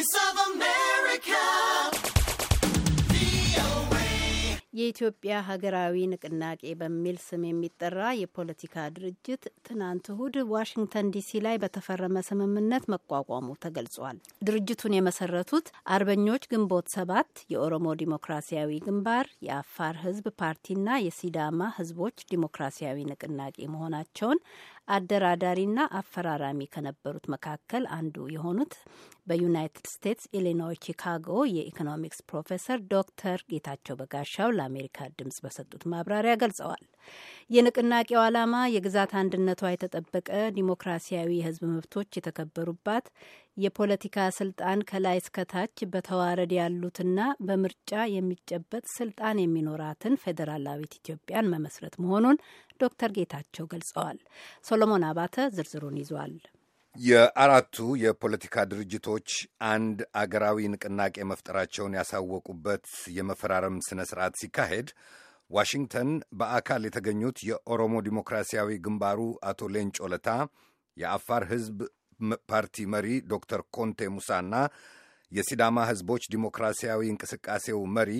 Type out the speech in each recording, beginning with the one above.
Voice of America. የኢትዮጵያ ሀገራዊ ንቅናቄ በሚል ስም የሚጠራ የፖለቲካ ድርጅት ትናንት እሁድ ዋሽንግተን ዲሲ ላይ በተፈረመ ስምምነት መቋቋሙ ተገልጿል። ድርጅቱን የመሰረቱት አርበኞች ግንቦት ሰባት፣ የኦሮሞ ዲሞክራሲያዊ ግንባር፣ የአፋር ሕዝብ ፓርቲና የሲዳማ ሕዝቦች ዲሞክራሲያዊ ንቅናቄ መሆናቸውን አደራዳሪና አፈራራሚ ከነበሩት መካከል አንዱ የሆኑት በዩናይትድ ስቴትስ ኢሊኖይ ቺካጎ የኢኮኖሚክስ ፕሮፌሰር ዶክተር ጌታቸው በጋሻው ለአሜሪካ ድምጽ በሰጡት ማብራሪያ ገልጸዋል። የንቅናቄው ዓላማ የግዛት አንድነቷ የተጠበቀ ዲሞክራሲያዊ የህዝብ መብቶች የተከበሩባት የፖለቲካ ስልጣን ከላይ እስከታች በተዋረድ ያሉትና በምርጫ የሚጨበጥ ስልጣን የሚኖራትን ፌዴራላዊት ኢትዮጵያን መመስረት መሆኑን ዶክተር ጌታቸው ገልጸዋል። ሶሎሞን አባተ ዝርዝሩን ይዟል። የአራቱ የፖለቲካ ድርጅቶች አንድ አገራዊ ንቅናቄ መፍጠራቸውን ያሳወቁበት የመፈራረም ስነ ስርዓት ሲካሄድ ዋሽንግተን በአካል የተገኙት የኦሮሞ ዲሞክራሲያዊ ግንባሩ አቶ ሌንጮ ለታ፣ የአፋር ሕዝብ ፓርቲ መሪ ዶክተር ኮንቴ ሙሳና የሲዳማ ህዝቦች ዲሞክራሲያዊ እንቅስቃሴው መሪ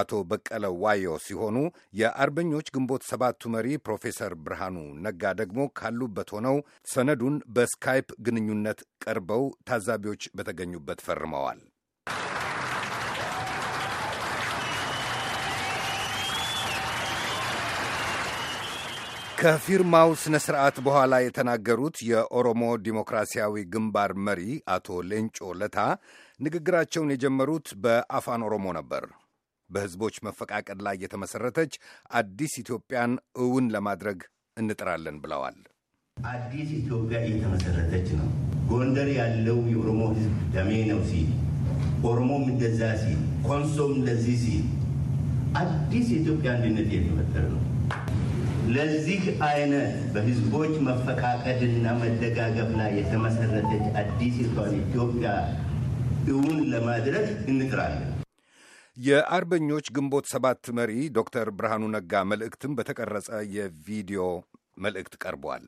አቶ በቀለ ዋዮ ሲሆኑ የአርበኞች ግንቦት ሰባቱ መሪ ፕሮፌሰር ብርሃኑ ነጋ ደግሞ ካሉበት ሆነው ሰነዱን በስካይፕ ግንኙነት ቀርበው ታዛቢዎች በተገኙበት ፈርመዋል። ከፊርማው ስነ ስርዓት በኋላ የተናገሩት የኦሮሞ ዲሞክራሲያዊ ግንባር መሪ አቶ ሌንጮ ለታ ንግግራቸውን የጀመሩት በአፋን ኦሮሞ ነበር። በሕዝቦች መፈቃቀድ ላይ የተመሠረተች አዲስ ኢትዮጵያን እውን ለማድረግ እንጥራለን ብለዋል። አዲስ ኢትዮጵያ እየተመሠረተች ነው። ጎንደር ያለው የኦሮሞ ህዝብ ደሜ ነው ሲል ኦሮሞም እንደዛ ሲል ኮንሶም እንደዚህ ሲል አዲስ የኢትዮጵያ አንድነት የተፈጠረ ነው። ለዚህ አይነት በህዝቦች መፈቃቀድና መደጋገፍ ላይ የተመሰረተች አዲሲቷን ኢትዮጵያ እውን ለማድረግ እንጥራለን። የአርበኞች ግንቦት ሰባት መሪ ዶክተር ብርሃኑ ነጋ መልእክትም በተቀረጸ የቪዲዮ መልእክት ቀርቧል።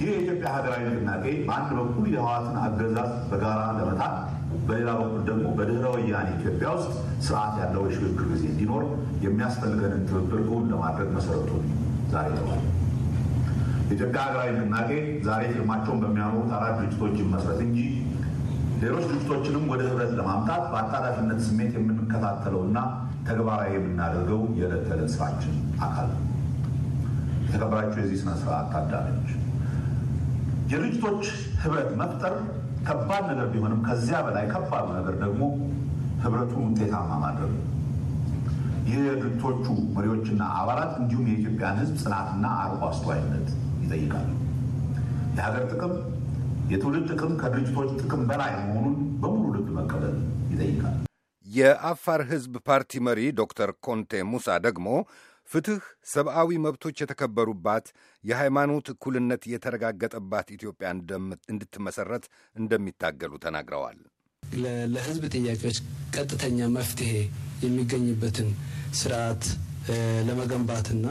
ይህ የኢትዮጵያ ሀገራዊ ንቅናቄ በአንድ በኩል የህዋትን አገዛዝ በጋራ ለመታት፣ በሌላ በኩል ደግሞ በድህረ ወያኔ ኢትዮጵያ ውስጥ ስርዓት ያለው የሽግግር ጊዜ እንዲኖር የሚያስፈልገንን ትብብር እውን ለማድረግ መሰረቱ ዛሬ ተዋል። ኢትዮጵያ ሀገራዊ ንቅናቄ ዛሬ ፊርማቸውን በሚያኖሩት አራት ድርጅቶችን መስረት እንጂ ሌሎች ድርጅቶችንም ወደ ህብረት ለማምጣት በአጣዳፊነት ስሜት የምንከታተለውና ተግባራዊ የምናደርገው የዕለት ተዕለት ስራችን አካል ነው። የተከበራችሁ የዚህ ስነ ስርዓት ታዳሚዎች፣ የድርጅቶች ህብረት መፍጠር ከባድ ነገር ቢሆንም ከዚያ በላይ ከባዱ ነገር ደግሞ ህብረቱን ውጤታማ ማድረግ ነው። የድርጅቶቹ መሪዎችና አባላት እንዲሁም የኢትዮጵያን ሕዝብ ጽናትና አርቆ አስተዋይነት ይጠይቃሉ። የሀገር ጥቅም፣ የትውልድ ጥቅም ከድርጅቶች ጥቅም በላይ መሆኑን በሙሉ ልብ መቀበል ይጠይቃል። የአፋር ሕዝብ ፓርቲ መሪ ዶክተር ኮንቴ ሙሳ ደግሞ ፍትህ ሰብአዊ መብቶች የተከበሩባት፣ የሃይማኖት እኩልነት የተረጋገጠባት ኢትዮጵያ እንድትመሰረት እንደሚታገሉ ተናግረዋል። ለህዝብ ጥያቄዎች ቀጥተኛ መፍትሄ የሚገኝበትን ስርዓት ለመገንባትና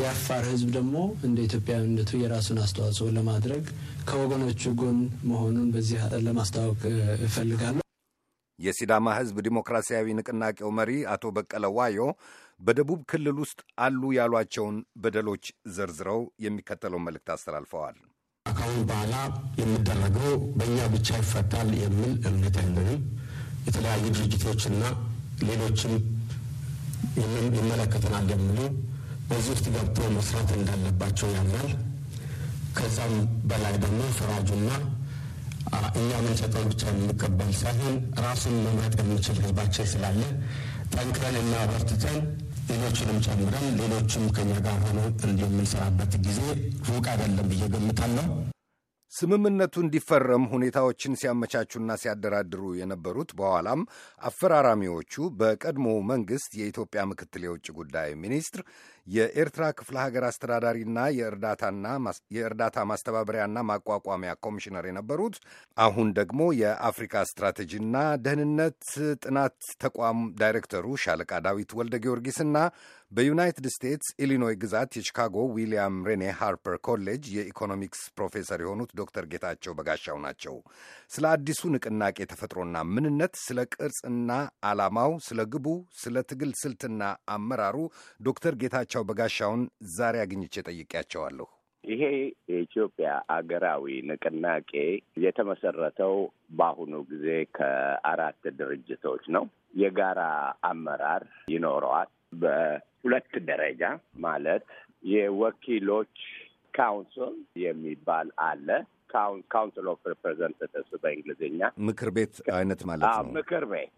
የአፋር ህዝብ ደግሞ እንደ ኢትዮጵያዊነቱ የራሱን አስተዋጽኦ ለማድረግ ከወገኖቹ ጎን መሆኑን በዚህ ለማስታወቅ እፈልጋለሁ። የሲዳማ ህዝብ ዲሞክራሲያዊ ንቅናቄው መሪ አቶ በቀለ ዋዮ በደቡብ ክልል ውስጥ አሉ ያሏቸውን በደሎች ዘርዝረው የሚከተለውን መልእክት አስተላልፈዋል። ከአሁን በኋላ የሚደረገው በእኛ ብቻ ይፈታል የሚል እምነት የለንም። የተለያዩ ድርጅቶችና ሌሎችም ይመለከተናል የሚሉ በዚህ ውስጥ ገብቶ መስራት እንዳለባቸው ያምናል። ከዛም በላይ ደግሞ ፈራጁና እኛ ምንሰጠውን ብቻ የምንቀበል ሳይሆን ራሱን መምረጥ የሚችል ህዝባችን ስላለ ጠንክረን እና በርትተን ሌሎችንም ጨምረን ሌሎችም ከኛ ጋር ሆነው እንደምንሰራበት ጊዜ ሩቅ አይደለም ብዬ ገምታለሁ። ስምምነቱ እንዲፈረም ሁኔታዎችን ሲያመቻቹና ሲያደራድሩ የነበሩት በኋላም አፈራራሚዎቹ በቀድሞው መንግሥት የኢትዮጵያ ምክትል የውጭ ጉዳይ ሚኒስትር የኤርትራ ክፍለ ሀገር አስተዳዳሪና የእርዳታ ማስተባበሪያና ማቋቋሚያ ኮሚሽነር የነበሩት አሁን ደግሞ የአፍሪካ ስትራቴጂና ደህንነት ጥናት ተቋም ዳይሬክተሩ ሻለቃ ዳዊት ወልደ ጊዮርጊስና በዩናይትድ ስቴትስ ኢሊኖይ ግዛት የቺካጎ ዊሊያም ሬኔ ሃርፐር ኮሌጅ የኢኮኖሚክስ ፕሮፌሰር የሆኑት ዶክተር ጌታቸው በጋሻው ናቸው። ስለ አዲሱ ንቅናቄ ተፈጥሮና ምንነት፣ ስለ ቅርጽና ዓላማው፣ ስለ ግቡ፣ ስለ ትግል ስልትና አመራሩ ዶክተር ጌታቸው ጌታቸው በጋሻውን ዛሬ አግኝቼ ጠይቄያቸዋለሁ። ይሄ የኢትዮጵያ አገራዊ ንቅናቄ የተመሰረተው በአሁኑ ጊዜ ከአራት ድርጅቶች ነው። የጋራ አመራር ይኖረዋል። በሁለት ደረጃ ማለት የወኪሎች ካውንስል የሚባል አለ። ካውንስል ኦፍ ሪፕሬዘንታቲቭስ በእንግሊዝኛ ምክር ቤት አይነት ማለት ነው። ምክር ቤት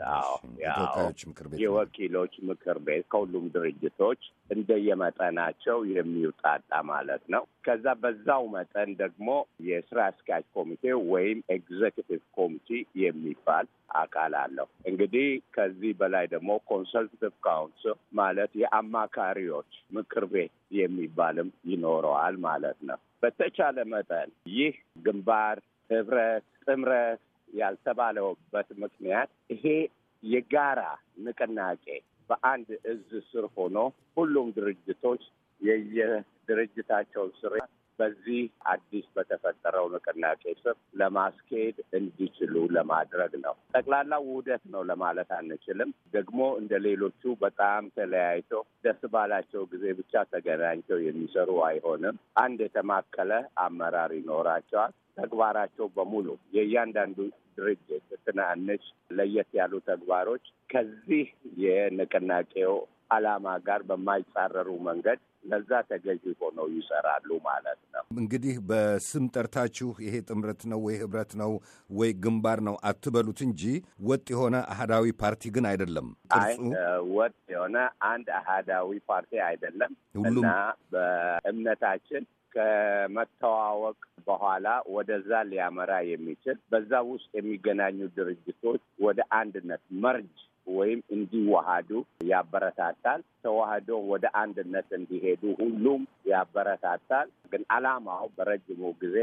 ምክር ቤት፣ የወኪሎች ምክር ቤት ከሁሉም ድርጅቶች እንደየመጠናቸው የሚውጣጣ ማለት ነው። ከዛ በዛው መጠን ደግሞ የስራ አስኪያጅ ኮሚቴ ወይም ኤግዜኪቲቭ ኮሚቲ የሚባል አካል አለው። እንግዲህ ከዚህ በላይ ደግሞ ኮንሰልቲቭ ካውንስል ማለት የአማካሪዎች ምክር ቤት የሚባልም ይኖረዋል ማለት ነው። በተቻለ መጠን ይህ ግንባር፣ ህብረት፣ ጥምረት ያልተባለበት ምክንያት ይሄ የጋራ ንቅናቄ በአንድ እዝ ስር ሆኖ ሁሉም ድርጅቶች የየድርጅታቸው ስር በዚህ አዲስ በተፈጠረው ንቅናቄ ስር ለማስኬድ እንዲችሉ ለማድረግ ነው። ጠቅላላ ውህደት ነው ለማለት አንችልም። ደግሞ እንደ ሌሎቹ በጣም ተለያይቶ ደስ ባላቸው ጊዜ ብቻ ተገናኝተው የሚሰሩ አይሆንም። አንድ የተማከለ አመራር ይኖራቸዋል። ተግባራቸው በሙሉ የእያንዳንዱ ድርጅት ትናንሽ ለየት ያሉ ተግባሮች ከዚህ የንቅናቄው ዓላማ ጋር በማይጻረሩ መንገድ ለዛ ተገዢ ሆነው ይሰራሉ ማለት ነው። እንግዲህ በስም ጠርታችሁ ይሄ ጥምረት ነው ወይ ህብረት ነው ወይ ግንባር ነው አትበሉት እንጂ ወጥ የሆነ አህዳዊ ፓርቲ ግን አይደለም። ወጥ የሆነ አንድ አህዳዊ ፓርቲ አይደለም እና በእምነታችን ከመተዋወቅ በኋላ ወደዛ ሊያመራ የሚችል በዛ ውስጥ የሚገናኙ ድርጅቶች ወደ አንድነት መርጅ ወይም እንዲዋሃዱ ያበረታታል። ተዋህዶ ወደ አንድነት እንዲሄዱ ሁሉም ያበረታታል። ግን አላማው በረጅሙ ጊዜ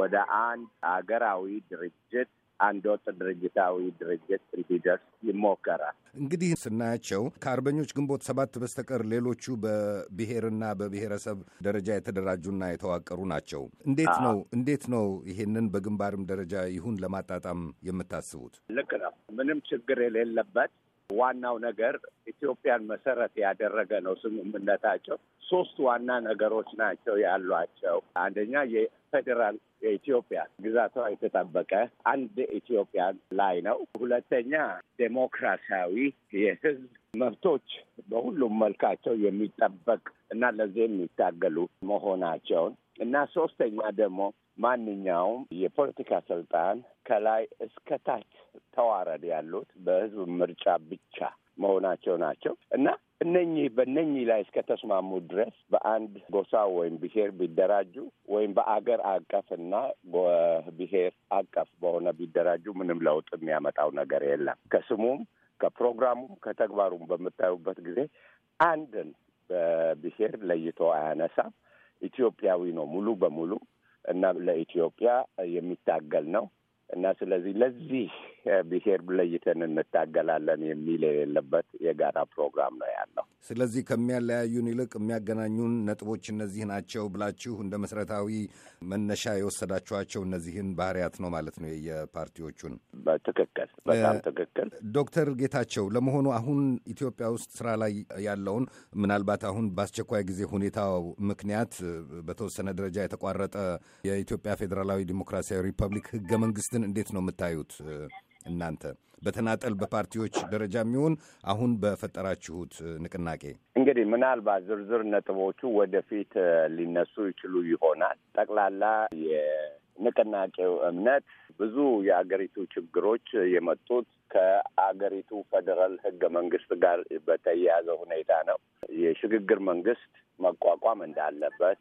ወደ አንድ አገራዊ ድርጅት አንድ ወጥ ድርጅታዊ ድርጅት እንዲደርስ ይሞከራል። እንግዲህ ስናያቸው ከአርበኞች ግንቦት ሰባት በስተቀር ሌሎቹ በብሔርና በብሔረሰብ ደረጃ የተደራጁና የተዋቀሩ ናቸው። እንዴት ነው እንዴት ነው ይሄንን በግንባርም ደረጃ ይሁን ለማጣጣም የምታስቡት? ልክ ነው። ምንም ችግር የሌለበት ዋናው ነገር ኢትዮጵያን መሰረት ያደረገ ነው ስምምነታቸው። ሶስት ዋና ነገሮች ናቸው ያሏቸው። አንደኛ ፌዴራል የኢትዮጵያ ግዛቷ የተጠበቀ አንድ ኢትዮጵያ ላይ ነው። ሁለተኛ ዴሞክራሲያዊ የህዝብ መብቶች በሁሉም መልካቸው የሚጠበቅ እና ለዚህ የሚታገሉ መሆናቸውን እና ሶስተኛ ደግሞ ማንኛውም የፖለቲካ ስልጣን ከላይ እስከ ታች ተዋረድ ያሉት በህዝብ ምርጫ ብቻ መሆናቸው ናቸው እና እነኚህ በእነኚህ ላይ እስከተስማሙ ድረስ በአንድ ጎሳ ወይም ብሔር ቢደራጁ ወይም በአገር እና ብሔር አቀፍ በሆነ ቢደራጁ ምንም ለውጥ የሚያመጣው ነገር የለም። ከስሙም ከፕሮግራሙም ከተግባሩም በምታዩበት ጊዜ አንድን ብሄር ለይቶ አያነሳም። ኢትዮጵያዊ ነው ሙሉ በሙሉ እና ለኢትዮጵያ የሚታገል ነው። እና ስለዚህ ለዚህ eh, ብሔር ለይተን እንታገላለን የሚል የሌለበት የጋራ ፕሮግራም ነው ያለው። ስለዚህ ከሚያለያዩን ይልቅ የሚያገናኙን ነጥቦች እነዚህ ናቸው ብላችሁ እንደ መሰረታዊ መነሻ የወሰዳችኋቸው እነዚህን ባህሪያት ነው ማለት ነው የፓርቲዎቹን። በትክክል በጣም ትክክል። ዶክተር ጌታቸው ለመሆኑ አሁን ኢትዮጵያ ውስጥ ስራ ላይ ያለውን ምናልባት አሁን በአስቸኳይ ጊዜ ሁኔታው ምክንያት በተወሰነ ደረጃ የተቋረጠ የኢትዮጵያ ፌዴራላዊ ዲሞክራሲያዊ ሪፐብሊክ ህገ መንግስትን እንዴት ነው የምታዩት? እናንተ በተናጠል በፓርቲዎች ደረጃ የሚሆን አሁን በፈጠራችሁት ንቅናቄ እንግዲህ ምናልባት ዝርዝር ነጥቦቹ ወደፊት ሊነሱ ይችሉ ይሆናል። ጠቅላላ የንቅናቄው እምነት ብዙ የአገሪቱ ችግሮች የመጡት ከአገሪቱ ፌዴራል ህገ መንግስት ጋር በተያያዘ ሁኔታ ነው። የሽግግር መንግስት መቋቋም እንዳለበት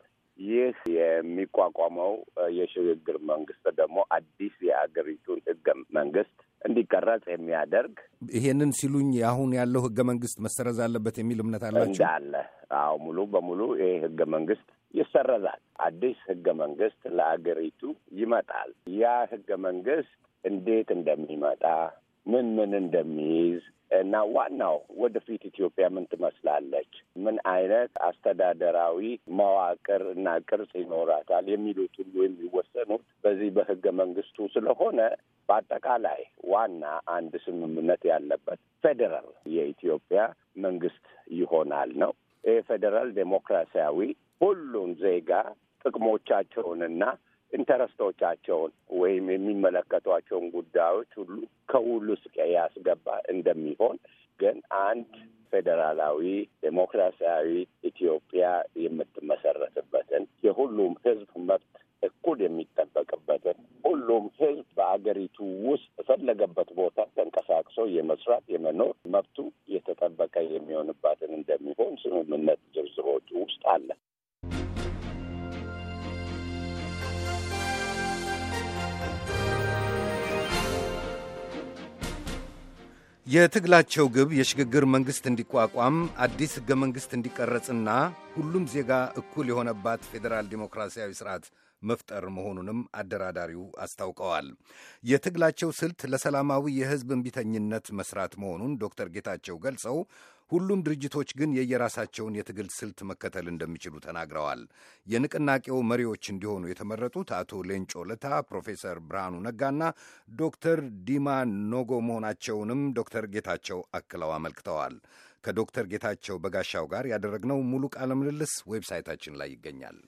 ይህ የሚቋቋመው የሽግግር መንግስት ደግሞ አዲስ የሀገሪቱን ህገ መንግስት እንዲቀረጽ የሚያደርግ ይሄንን ሲሉኝ አሁን ያለው ህገ መንግስት መሰረዝ አለበት የሚል እምነት አላቸው እንዳለ። አዎ ሙሉ በሙሉ ይህ ህገ መንግስት ይሰረዛል። አዲስ ህገ መንግስት ለአገሪቱ ይመጣል። ያ ህገ መንግስት እንዴት እንደሚመጣ ምን ምን እንደሚይዝ እና ዋናው ወደፊት ኢትዮጵያ ምን ትመስላለች፣ ምን አይነት አስተዳደራዊ መዋቅር እና ቅርጽ ይኖራታል የሚሉት ሁሉ የሚወሰኑት በዚህ በህገ መንግስቱ ስለሆነ በአጠቃላይ ዋና አንድ ስምምነት ያለበት ፌዴራል የኢትዮጵያ መንግስት ይሆናል ነው። ይህ ፌዴራል ዴሞክራሲያዊ ሁሉን ዜጋ ጥቅሞቻቸውንና ኢንተረስቶቻቸውን ወይም የሚመለከቷቸውን ጉዳዮች ሁሉ ከሁሉ ስቀ ያስገባ እንደሚሆን ግን አንድ ፌዴራላዊ ዴሞክራሲያዊ ኢትዮ የትግላቸው ግብ የሽግግር መንግሥት እንዲቋቋም አዲስ ሕገ መንግሥት እንዲቀረጽና ሁሉም ዜጋ እኩል የሆነባት ፌዴራል ዲሞክራሲያዊ ሥርዓት መፍጠር መሆኑንም አደራዳሪው አስታውቀዋል። የትግላቸው ስልት ለሰላማዊ የሕዝብ እምቢተኝነት መሥራት መሆኑን ዶክተር ጌታቸው ገልጸው ሁሉም ድርጅቶች ግን የየራሳቸውን የትግል ስልት መከተል እንደሚችሉ ተናግረዋል። የንቅናቄው መሪዎች እንዲሆኑ የተመረጡት አቶ ሌንጮ ለታ፣ ፕሮፌሰር ብርሃኑ ነጋና ዶክተር ዲማ ኖጎ መሆናቸውንም ዶክተር ጌታቸው አክለው አመልክተዋል። ከዶክተር ጌታቸው በጋሻው ጋር ያደረግነው ሙሉ ቃለ ምልልስ ዌብሳይታችን ላይ ይገኛል።